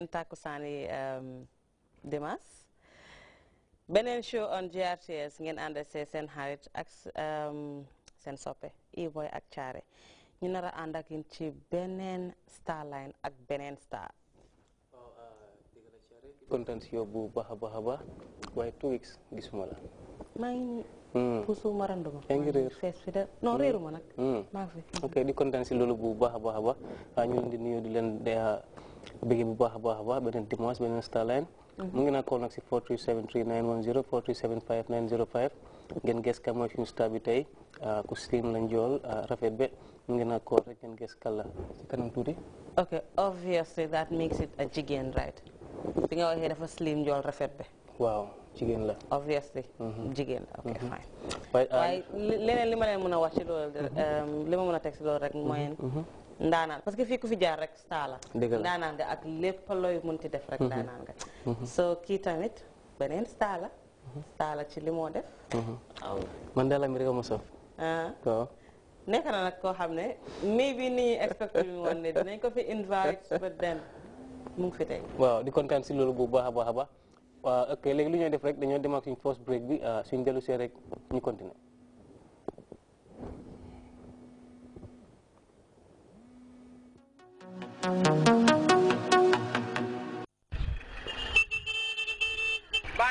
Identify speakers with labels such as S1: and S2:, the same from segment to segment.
S1: um, dimas Benen show on GRTS ngeen ande see sen xarit ak um, sen soppe i boy ak caare ñu nara and ak ci benen star line ak benen star
S2: content yo bu baha baha ba way 2 weeks gisuma la maa ngi hmm.
S1: pusu ma randuma yaa
S2: ngi reer fess fi da
S1: no hmm. reeruma nak hmm. ma fi
S2: okay di content si lolu bu bahabahabah. baha ba a baax ñu di nuyu di begin buah baax a baax a baax beneen mungkin aku Starline 4373910 4375905 ngeen ges kan mooy suñu star slim rafet kan
S1: obviously that makes it a jigen, right bi head of a slim njool rafet bet. Wow,
S2: jigen la obviously
S1: jigéen mhm. okay mhm. fine waaye lima lima lima leen mën lima wax ci loolu lima ma mën ndanan parce que fi ku fi jaar rek sta la ndanan nga ak lépp looy munti def rek mhm. ndanan nga kan. mhm. so ki tamit benen sta la mhm. sta la ci limo def
S2: man daal Amerika ma ah. sof waaw
S1: nek na nak ko xamne ne kan maybe ni expect ni won ne dinañ ko fi invite but then
S2: mu ngi fi tay waaw di kontaan ci lolu bu baax a baax a waaw ok eh, léegi lu ñuy def rek dañu dem ak suñu first break bi ah, suñu delu see rek ñu continuer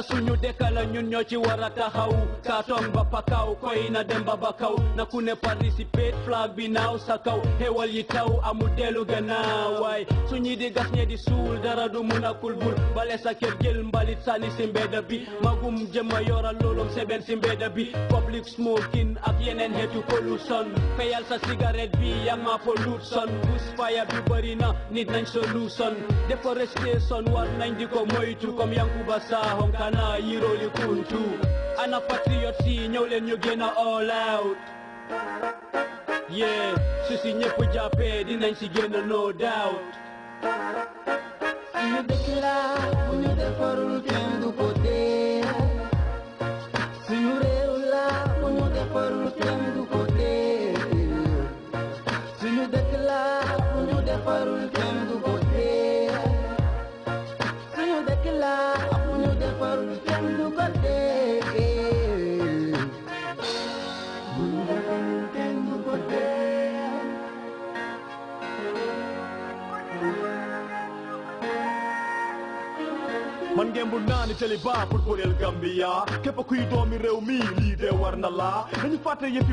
S3: la suñu dekkala ñun ñoo ci war a taxaw kaatong ba pakaw koy na dem ba bakaw na ku ne participate flag bi naaw sa kaw xewal yi taw amu dellu gannaaw waay suñu di gas ñe di suul dara du mun a kulbul bale sa kër jël mbalit sànni si mbedda bi magum jëma yoral loolom seben si mbedda bi public smoking ak yeneen xeetu pollution fayal sa cigarette bi yang ma pollution bus fire bi bëri na nit nañ solution deforestation war nañ di ko moytu comme yankuba saaxonka xanaa yiroo li kuntu ana patriote yi ñëw leen ñu génn all out yeah su si ñëpp jàppee dinañ si génn no doubt suñu dëkk la ñu defarul kenn du ko dee suñu réew la ñu defarul man ngeen bu naani tali ba pour kuréel Gambia képp kuy doomi réew mi lii de war na laa dañu fàtte yëfi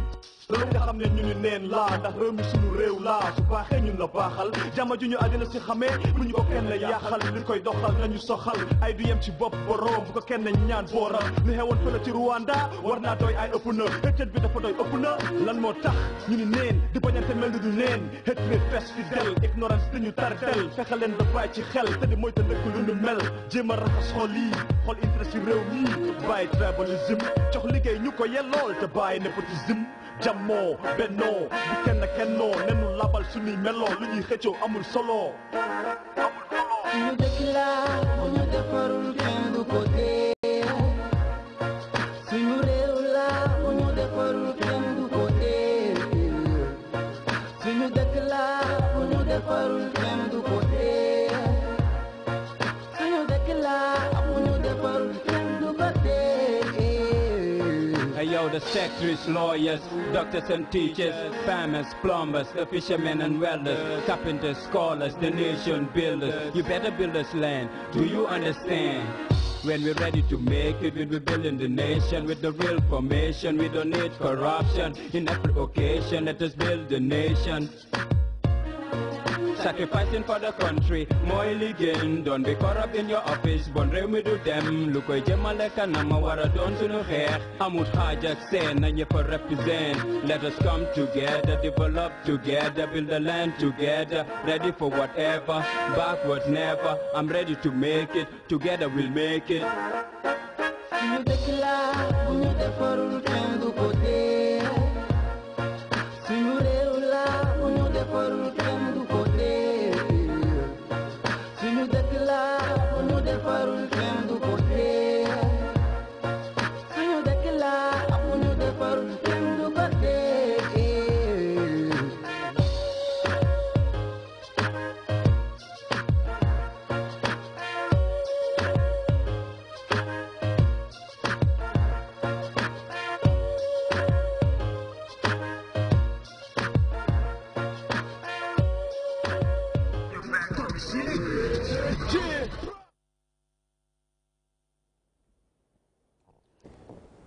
S3: loolu nga xam ne ñu ni neen laa ndax réew mi suñu réew laa su baaxee ñun la baaxal jàmm ju ñu àddina si xamee bu ñu ko kenn yaaxal li koy doxal nañu soxal ay du yem ci bopp borom bu ko kenn ñaan booral lu xewoon fële ci Rwanda war naa doy ay ëpp na xëccët bi dafa doy ëpp na lan moo tax ñu ni neen di bañante mel ni du neen hatred fes fidèle ignorance dañu tartel fexe leen ba bàyyi ci xel te di mooy te nekk lu ñu mel jéem a raxas xol yi xool intérêt ko yellool te bàyyi népotisme jammoo bennoo bu kenn kennoo nenu labal suñuy meloo lu ñuy xëccoo amul solo amul solo ñu dëkk laa bu ñu defarul kenn du ko dee the secretaries, lawyers, doctors and teachers, farmers, plumbers, the fishermen and welders, carpenters, scholars, the nation builders. You better build this land. Do you understand? When we're ready to make it, we'll be building the nation with the real formation. We don't need corruption in every occasion. Let us build the nation sacrificing for the country. more illegal don't be corrupt in your office, look réew mi du dem, lu koy jëmale kanam ma wara know here. xeex, amut xaaj ak seen na for represent. Let us come together, develop together, build the land together, ready for whatever, backwards never. I'm ready to make it, together we'll make it.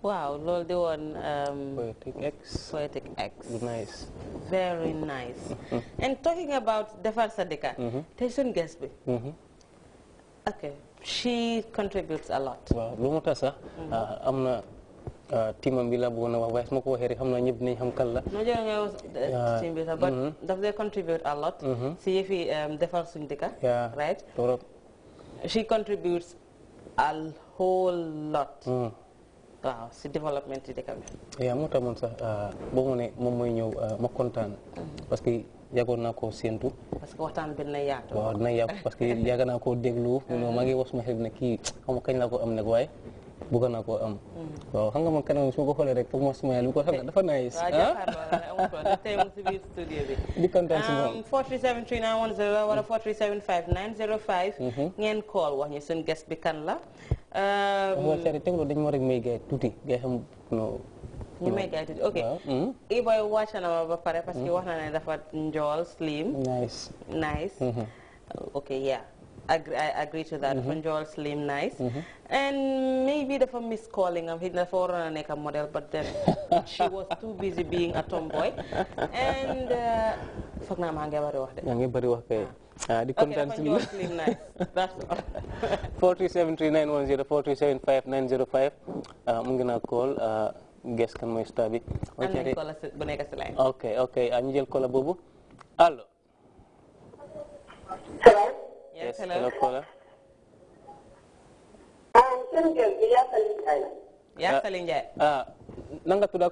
S1: Wow, loolu the one um, poetic X poetic X nice very nice and talking about defar sa dëkka tey Gatsby. ok she contributes a lot ah?
S2: Mm-hmm. Ah, am Euh, timam bi la bëggoon a wax waaye su ma ko waxee rek xam na ñëpp dinañ xam kan la.
S1: noo jëlee nga yow euh, mm-hmm. mm-hmm. si um, defar suñu dëkka. right torop. a whole
S2: lot. yaa mm. moo tax sax euh, boo moom mooy ñëw ma kontaan mm-hmm. parce que. yàggoon naa koo séentu.
S1: parce que waxtaan bi nay yaatu. waaw
S2: parce que yàgg naa koo déglu. maa ngi wax suma xel ne kii xaw kañ laa ko am nag waaye. bëgg naa ko am. waaw xam nga man kanam su ma ko xoolee rek foog ma smile bi ko xam nga dafa nice. waaw
S1: jàkkaarloo tey mu si biir
S2: studio bi. di kontaan si
S1: wax seen guest bi kan la. waaw Thierry
S2: teewloo dañu ma rek may gaay tuuti gaay xam no
S1: ñu may gaay tuuti ok. i boy wàcc na ma ba pare parce que wax na ne dafa njool slim. nice nice. ok yeah. agree, I agree to that. Mm -hmm. Njool slim nice. Mm -hmm. And maybe the for miscalling of him, a model, but then she was too busy being a tomboy. And uh, fuck na maa ngi bari wax
S2: de. ngi bari wax kay. ah, ah di kontaan si lu ok dafa Njool slim nice that's all. 4373910 ah, mu ngi naa call. Ah, guest kan mooy star nekk si line. ok ok ñu jël kola boobu allo.
S3: Yes, hello. ah seen la.
S2: Yaasali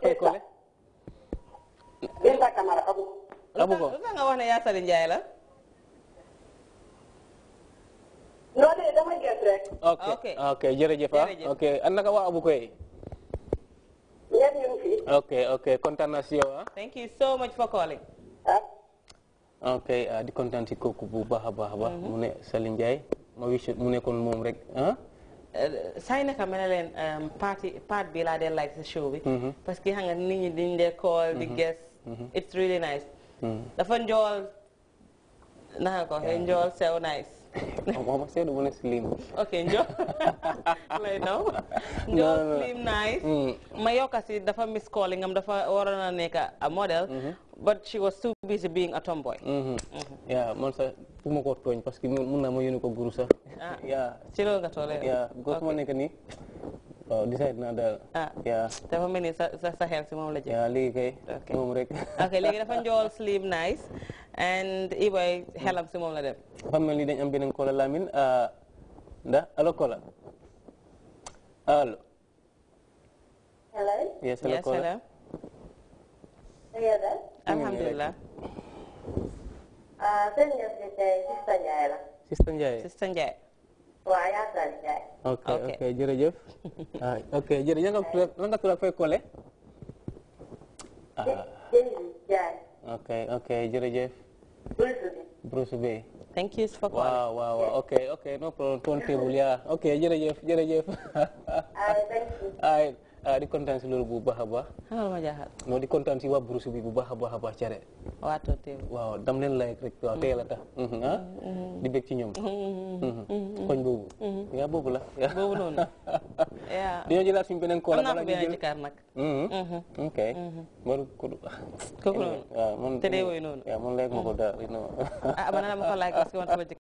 S2: koy kole.
S1: Binta Camara abu. abu ko lu la.
S2: non de dama gis rek. ok ok jërëjëf ah ok an naka ah.
S1: thank you so much for calling.
S2: ok ah, di kontaan ci kooku bu baax a baax a baax. Mhm. mu ne Sali Ndiaye ma wish mu nekkoon moom rek ah. Euh, say naka ma ne
S1: leen euh, parti part bi laa dee like sa show bi. Mhm. parce que xam nga nit ñi dee call di mhm. guest. it's really nice. dafa njool naka ko waxee ah. njool sew nice. ma yokka si dafa miss calling am dafa waroon a a model. but she was too busy being a tomboy.
S2: Mm-hmm. Mm-hmm. yeah man sax bu ma ko tooñ parce que mun naa ma yónni ko guru sax. ah ci loolu nga toolee. yeah because ah. dafa mel ni sa sa xel moom la jëm. waaw léegi kay. moom
S1: rek. léegi dafa njool slim nice and Iboy xelam si moom la dem. dafa
S2: ni dañ am beneen kola Lamin ah, ndax allo kola allo. hello. yes hello kola. ngeedal alhamdulilah
S3: seen ñëw si tey sista Njaay la
S2: sista Njaay Bruce B thank you for calling waaw table yaa ok jërëjëf jërëjëf ah di kontaan si loolu bu baax a baax.
S1: xamal ma jaaxal.
S2: non di kontaan si waa Burusu bi bu baax a baax a baax cere. waaw dam leen like rek waaw teel a tax. Mhm, ah. mhm. di bég ci ñoom.
S1: Mhm. koñ boobu.
S2: yaa boobu la. boobu noonu. yaa dañoo jëlaat suñu beneen kóol. am naa ko beneen ci a nag. ok. Maodo Kodu.
S1: kooku noonu.
S3: waaw moom te dee woy noonu. waaw moom like ma ko daal.
S1: ah man ma ko